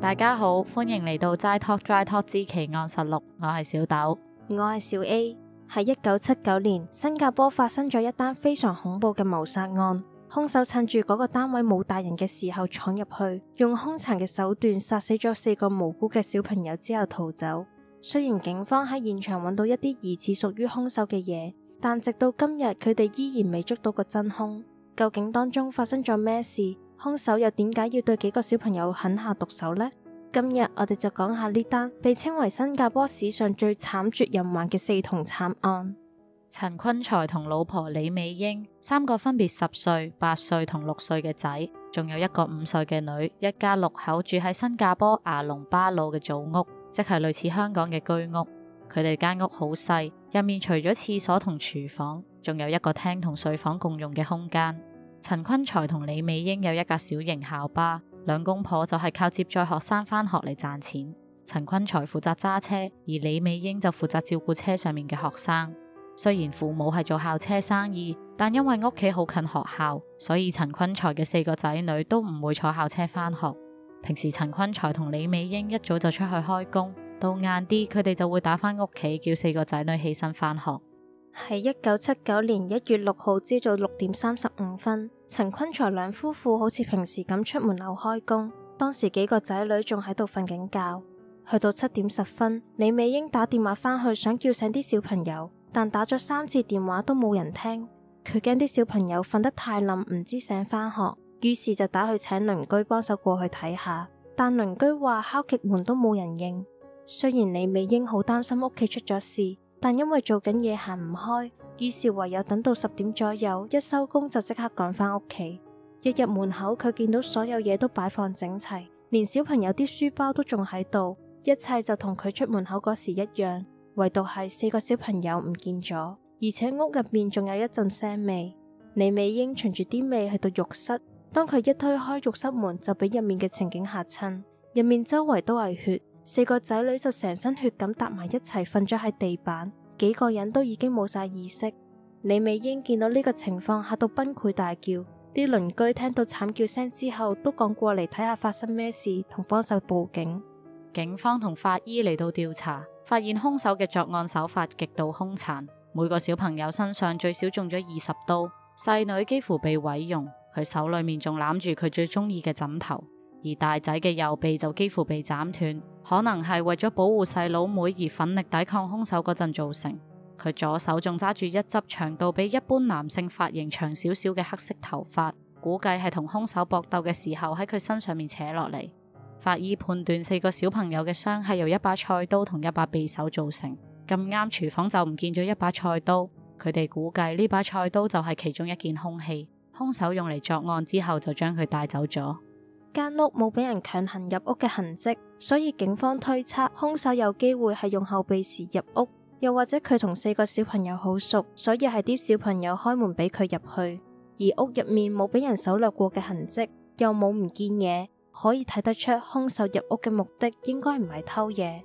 大家好，歡迎嚟到齋 Talk 齋 Talk 之奇案實錄，我係小豆，我係小 A。喺一九七九年，新加坡發生咗一單非常恐怖嘅謀殺案，兇手趁住嗰個單位冇大人嘅時候闖入去，用兇殘嘅手段殺死咗四個無辜嘅小朋友之後逃走。雖然警方喺現場揾到一啲疑似屬於兇手嘅嘢，但直到今日佢哋依然未捉到個真兇。究竟當中發生咗咩事？兇手又點解要對幾個小朋友狠下毒手呢？今日我哋就講下呢單被稱為新加坡史上最慘絕人寰嘅四童慘案。陳昆財同老婆李美英三個分別十歲、八歲同六歲嘅仔，仲有一個五歲嘅女，一家六口住喺新加坡芽籠峇魯嘅組屋，即係類似香港嘅居屋。佢哋間屋好細，入面除咗廁所同廚房，仲有一個廳同睡房共用嘅空間。陳昆財同李美英有一架小型校巴，兩公婆就係靠接載學生返學嚟賺錢。陳昆財負責揸車，而李美英就負責照顧車上面嘅學生。雖然父母係做校車生意，但因為屋企好近學校，所以陳昆財嘅四個仔女都唔會坐校車返學。平時陳昆財同李美英一早就出去開工，到晏啲佢哋就會打返屋企，叫四個仔女起身返學。係一九七九年一月六號朝早六點三十五分，陳昆財兩夫婦好似平時咁出門口開工。當時幾個仔女仲喺度瞓緊覺。去到七點十分，李美英打電話返去想叫醒啲小朋友，但打咗三次電話都冇人聽。佢驚啲小朋友瞓得太冧，唔知醒返學，於是就打去請鄰居幫手過去睇下。但鄰居話敲極門都冇人應。雖然李美英好擔心屋企出咗事。但因為做緊嘢行唔開，於是唯有等到十點左右，一收工就即刻趕返屋企。一入門口，佢見到所有嘢都擺放整齊，連小朋友啲書包都仲喺度，一切就同佢出門口嗰時一樣，唯獨係四個小朋友唔見咗，而且屋入面仲有一陣腥味。李美英循住啲味去到浴室，當佢一推開浴室門，就俾入面嘅情景吓親，入面周圍都係血。四個仔女就成身血咁搭埋一齊瞓咗喺地板，幾個人都已經冇晒意識。李美英見到呢個情況，嚇到崩潰大叫。啲鄰居聽到慘叫聲之後，都趕過嚟睇下發生咩事，同幫手報警。警方同法醫嚟到調查，發現兇手嘅作案手法極度兇殘，每個小朋友身上最少中咗二十刀。細女幾乎被毀容，佢手裏面仲攬住佢最中意嘅枕頭。而大仔嘅右臂就幾乎被斬斷，可能係為咗保護細佬妹而奮力抵抗凶手嗰陣造成。佢左手仲揸住一執長度比一般男性髮型長少少嘅黑色頭髮，估計係同凶手搏鬥嘅時候喺佢身上面扯落嚟。法醫判斷四個小朋友嘅傷係由一把菜刀同一把匕首造成。咁啱廚房就唔見咗一把菜刀，佢哋估計呢把菜刀就係其中一件凶器，凶手用嚟作案之後就將佢帶走咗。間屋冇俾人強行入屋嘅痕跡，所以警方推測凶手有機會係用後備匙入屋，又或者佢同四個小朋友好熟，所以係啲小朋友開門俾佢入去。而屋入面冇俾人搜掠過嘅痕跡，又冇唔見嘢，可以睇得出凶手入屋嘅目的應該唔係偷嘢。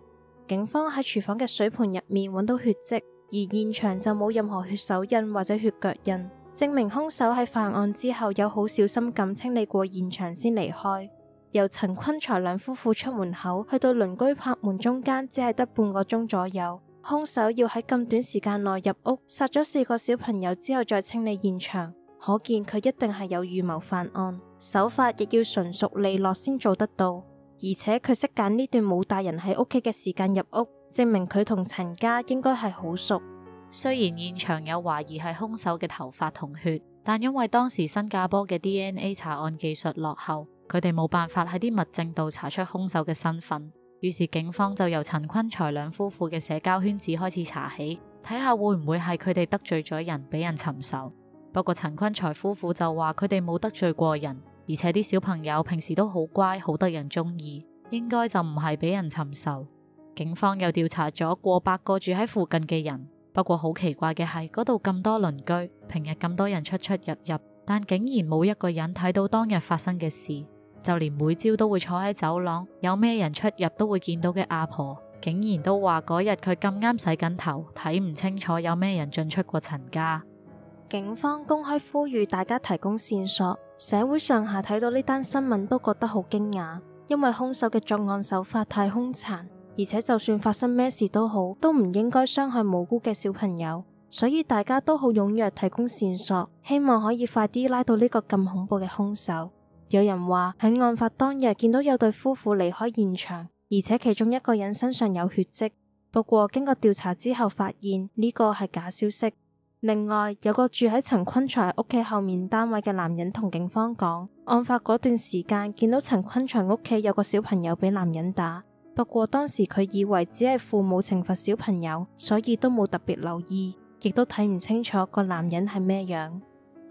警方喺廚房嘅水盆入面揾到血跡，而現場就冇任何血手印或者血腳印。證明兇手喺犯案之後有好小心咁清理過現場先離開。由陳昆財兩夫婦出門口去到鄰居拍門中間，只係得半個鐘左右。兇手要喺咁短時間內入屋殺咗四個小朋友之後再清理現場，可見佢一定係有預謀犯案，手法亦要純熟利落先做得到。而且佢識揀呢段冇大人喺屋企嘅時間入屋，證明佢同陳家應該係好熟。雖然現場有懷疑係兇手嘅頭髮同血，但因為當時新加坡嘅 DNA 查案技術落後，佢哋冇辦法喺啲物證度查出兇手嘅身份。於是警方就由陳昆財兩夫婦嘅社交圈子開始查起，睇下會唔會係佢哋得罪咗人俾人尋仇。不過陳昆財夫婦就話佢哋冇得罪過人，而且啲小朋友平時都好乖，好得人中意，應該就唔係俾人尋仇。警方又調查咗過百個住喺附近嘅人。不過好奇怪嘅係，嗰度咁多鄰居，平日咁多人出出入入，但竟然冇一個人睇到當日發生嘅事，就連每朝都會坐喺走廊，有咩人出入都會見到嘅阿婆，竟然都話嗰日佢咁啱洗緊頭，睇唔清楚有咩人進出過陳家。警方公開呼籲大家提供線索，社會上下睇到呢單新聞都覺得好驚訝，因為兇手嘅作案手法太兇殘。而且就算發生咩事都好，都唔應該傷害無辜嘅小朋友，所以大家都好踊躍提供線索，希望可以快啲拉到呢個咁恐怖嘅兇手。有人話喺案發當日見到有對夫婦離開現場，而且其中一個人身上有血跡。不過經過調查之後，發現呢個係假消息。另外有個住喺陳昆財屋企後面單位嘅男人同警方講，案發嗰段時間見到陳昆財屋企有個小朋友俾男人打。不過當時佢以為只係父母懲罰小朋友，所以都冇特別留意，亦都睇唔清楚個男人係咩樣。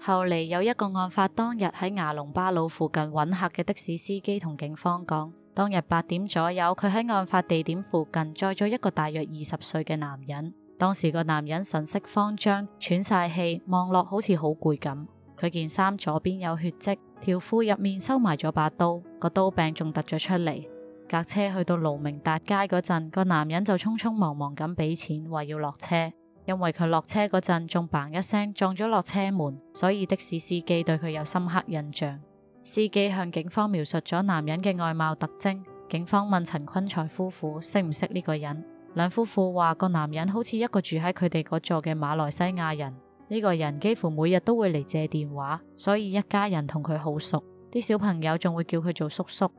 後嚟有一個案發當日喺芽籠峇魯附近搵客嘅的，的士司機同警方講，當日八點左右，佢喺案發地點附近載咗一個大約二十歲嘅男人。當時個男人神色慌張，喘晒氣，望落好似好攰咁。佢件衫左邊有血跡，條褲入面收埋咗把刀，個刀柄仲突咗出嚟。架車去到盧明達街嗰陣，個男人就匆匆忙忙咁俾錢，話要落車。因為佢落車嗰陣仲嘭一聲撞咗落車門，所以的士司機對佢有深刻印象。司機向警方描述咗男人嘅外貌特徵。警方問陳坤才夫婦識唔識呢個人，兩夫婦話個男人好似一個住喺佢哋嗰座嘅馬來西亞人。呢、這個人幾乎每日都會嚟借電話，所以一家人同佢好熟，啲小朋友仲會叫佢做叔叔。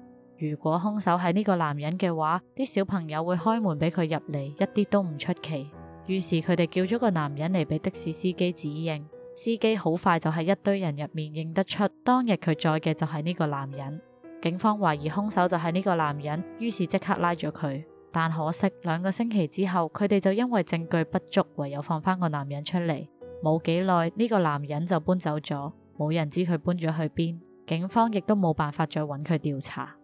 如果凶手係呢個男人嘅話，啲小朋友會開門俾佢入嚟，一啲都唔出奇。於是佢哋叫咗個男人嚟俾的士司機指認，司機好快就喺一堆人入面認得出當日佢載嘅就係呢個男人。警方懷疑凶手就係呢個男人，於是即刻拉咗佢。但可惜兩個星期之後，佢哋就因為證據不足，唯有放翻個男人出嚟。冇幾耐，呢、這個男人就搬走咗，冇人知佢搬咗去邊，警方亦都冇辦法再揾佢調查。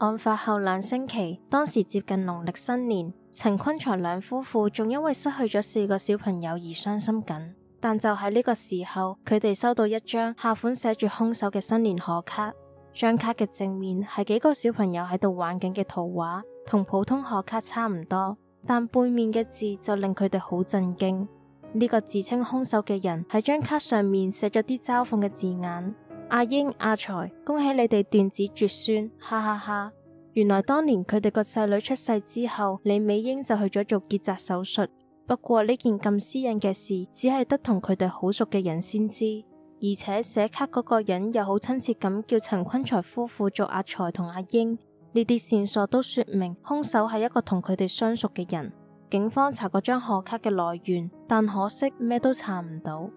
案發後兩星期，當時接近農曆新年，陳昆財兩夫婦仲因為失去咗四個小朋友而傷心緊。但就喺呢個時候，佢哋收到一張下款寫住凶手嘅新年賀卡。張卡嘅正面係幾個小朋友喺度玩緊嘅圖畫，同普通賀卡差唔多。但背面嘅字就令佢哋好震驚。呢個自稱凶手嘅人喺張卡上面寫咗啲嘲諷嘅字眼。阿英、阿財，恭喜你哋斷子絕孫，哈哈哈哈！原來當年佢哋個細女出世之後，李美英就去咗做結紮手術。不過呢件咁私隱嘅事，只係得同佢哋好熟嘅人先知。而且寫卡嗰個人又好親切咁叫陳昆財夫婦做阿財同阿英。呢啲線索都說明兇手係一個同佢哋相熟嘅人。警方查過張賀卡嘅來源，但可惜咩都查唔到。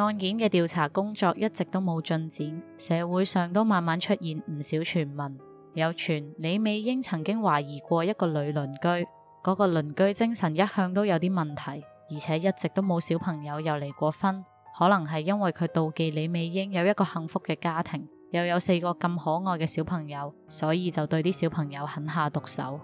案件嘅調查工作一直都冇進展，社會上都慢慢出現唔少傳聞。有傳李美英曾經懷疑過一個女鄰居，嗰個鄰居精神一向都有啲問題，而且一直都冇小朋友又離過婚，可能係因為佢妒忌李美英有一個幸福嘅家庭，又有四個咁可愛嘅小朋友，所以就對啲小朋友狠下毒手。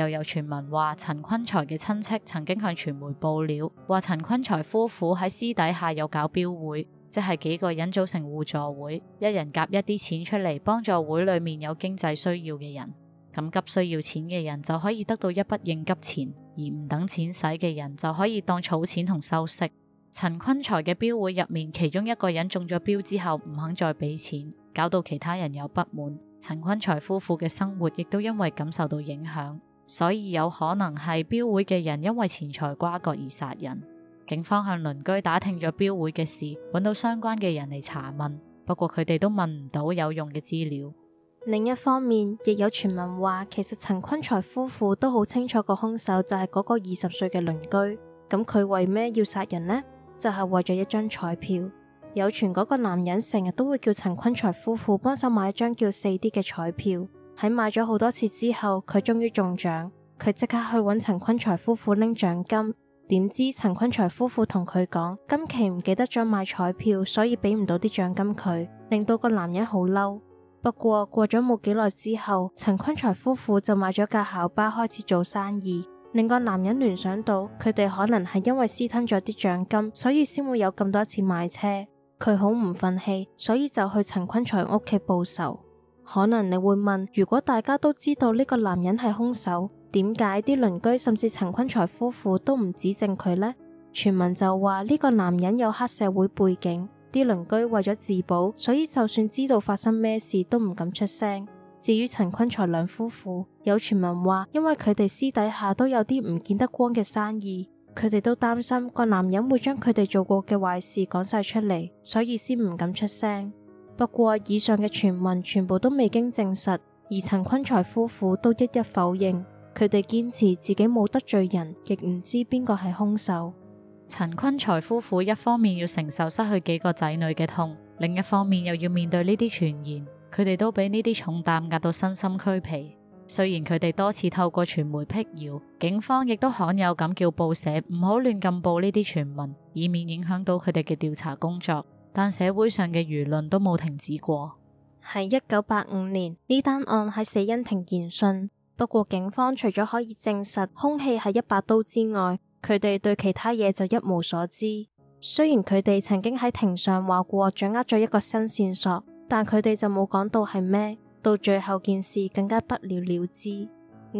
又有傳聞話，陳昆財嘅親戚曾經向傳媒報料，話陳昆財夫婦喺私底下有搞標會，即係幾個人組成互助會，一人夾一啲錢出嚟幫助會裏面有經濟需要嘅人。咁急需要錢嘅人就可以得到一筆應急錢，而唔等錢使嘅人就可以當儲錢同收息。陳昆財嘅標會入面，其中一個人中咗標之後唔肯再俾錢，搞到其他人有不滿。陳昆財夫婦嘅生活亦都因為感受到影響。所以有可能係標會嘅人，因為錢財瓜葛而殺人。警方向鄰居打聽咗標會嘅事，搵到相關嘅人嚟查問，不過佢哋都問唔到有用嘅資料。另一方面，亦有傳聞話，其實陳昆財夫婦都好清楚個兇手就係嗰個二十歲嘅鄰居。咁佢為咩要殺人呢？就係、是、為咗一張彩票。有傳嗰個男人成日都會叫陳昆財夫婦幫手買一張叫四 D 嘅彩票。喺買咗好多次之後，佢終於中獎，佢即刻去揾陳昆財夫婦拎獎金。點知陳昆財夫婦同佢講，今期唔記得咗買彩票，所以俾唔到啲獎金佢，令到個男人好嬲。不過過咗冇幾耐之後，陳昆財夫婦就買咗架校巴開始做生意，令個男人聯想到佢哋可能係因為私吞咗啲獎金，所以先會有咁多錢買車。佢好唔忿氣，所以就去陳昆財屋企報仇。可能你會問，如果大家都知道呢個男人係兇手，點解啲鄰居甚至陳坤才夫婦都唔指證佢呢？傳聞就話呢個男人有黑社會背景，啲鄰居為咗自保，所以就算知道發生咩事都唔敢出聲。至於陳坤才兩夫婦，有傳聞話，因為佢哋私底下都有啲唔見得光嘅生意，佢哋都擔心個男人會將佢哋做過嘅壞事講晒出嚟，所以先唔敢出聲。不過以上嘅傳聞全部都未經證實，而陳昆財夫婦都一一否認，佢哋堅持自己冇得罪人，亦唔知邊個係凶手。陳昆財夫婦一方面要承受失去幾個仔女嘅痛，另一方面又要面對呢啲傳言，佢哋都俾呢啲重擔壓到身心俱疲。雖然佢哋多次透過傳媒闢謠，警方亦都罕有咁叫報社，唔好亂咁報呢啲傳聞，以免影響到佢哋嘅調查工作。但社會上嘅輿論都冇停止過。喺一九八五年，呢單案喺死因庭研訊，不過警方除咗可以證實兇器係一把刀之外，佢哋對其他嘢就一無所知。雖然佢哋曾經喺庭上話過掌握咗一個新線索，但佢哋就冇講到係咩。到最後件事更加不了了之。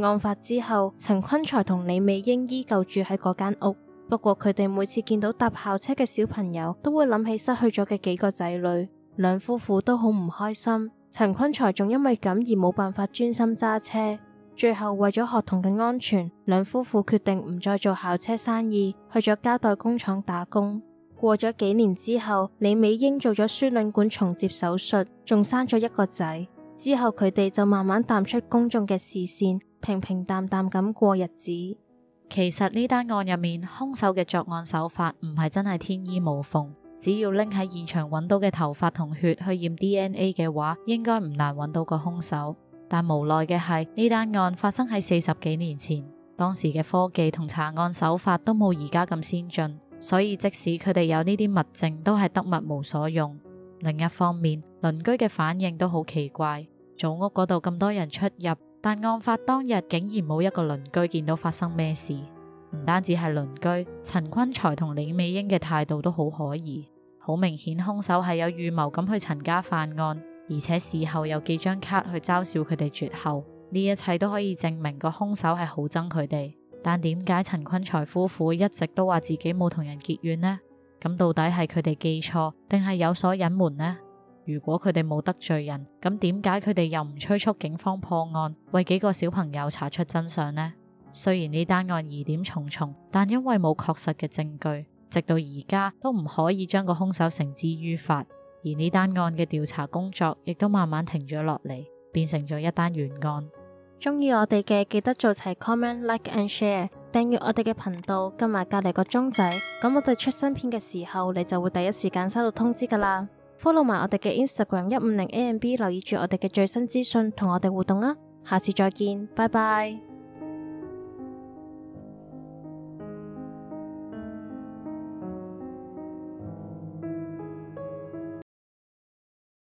案發之後，陳昆財同李美英依，依舊住喺嗰間屋。不過佢哋每次見到搭校車嘅小朋友，都會諗起失去咗嘅幾個仔女，兩夫婦都好唔開心。陳昆財仲因為咁而冇辦法專心揸車，最後為咗學童嘅安全，兩夫婦決定唔再做校車生意，去咗膠袋工廠打工。過咗幾年之後，李美英做咗輸卵管重接手術，仲生咗一個仔。之後佢哋就慢慢淡出公眾嘅視線，平平淡淡咁過日子。其實呢單案入面，兇手嘅作案手法唔係真係天衣無縫。只要拎喺現場揾到嘅頭髮同血去驗 DNA 嘅話，應該唔難揾到個兇手。但無奈嘅係，呢單案發生喺四十幾年前，當時嘅科技同查案手法都冇而家咁先進，所以即使佢哋有呢啲物證，都係得物無所用。另一方面，鄰居嘅反應都好奇怪，組屋嗰度咁多人出入，但案發當日竟然冇一個鄰居見到發生咩事，唔單止係鄰居，陳昆財同李美英嘅態度都好可疑，好明顯，兇手係有預謀咁去陳家犯案，而且事後有幾張卡去嘲笑佢哋絕後，呢一切都可以證明個兇手係好憎佢哋。但點解陳昆財夫婦一直都話自己冇同人結怨呢？咁到底係佢哋記錯，定係有所隱瞞呢？如果佢哋冇得罪人，咁點解佢哋又唔催促警方破案，為幾個小朋友查出真相呢？雖然呢單案疑點重重，但因為冇確實嘅證據，直到而家都唔可以將個凶手繩之於法。而呢單案嘅調查工作亦都慢慢停咗落嚟，變成咗一單懸案。鍾意我哋嘅記得做齊 comment、like and share，訂閱我哋嘅頻道，撳埋隔籬個鐘仔，咁我哋出新片嘅時候，你就會第一時間收到通知㗎喇。Follow 埋我哋嘅 Instagram 一五零 AMB，留意住我哋嘅最新資訊，同我哋互動啦！下次再見，拜拜。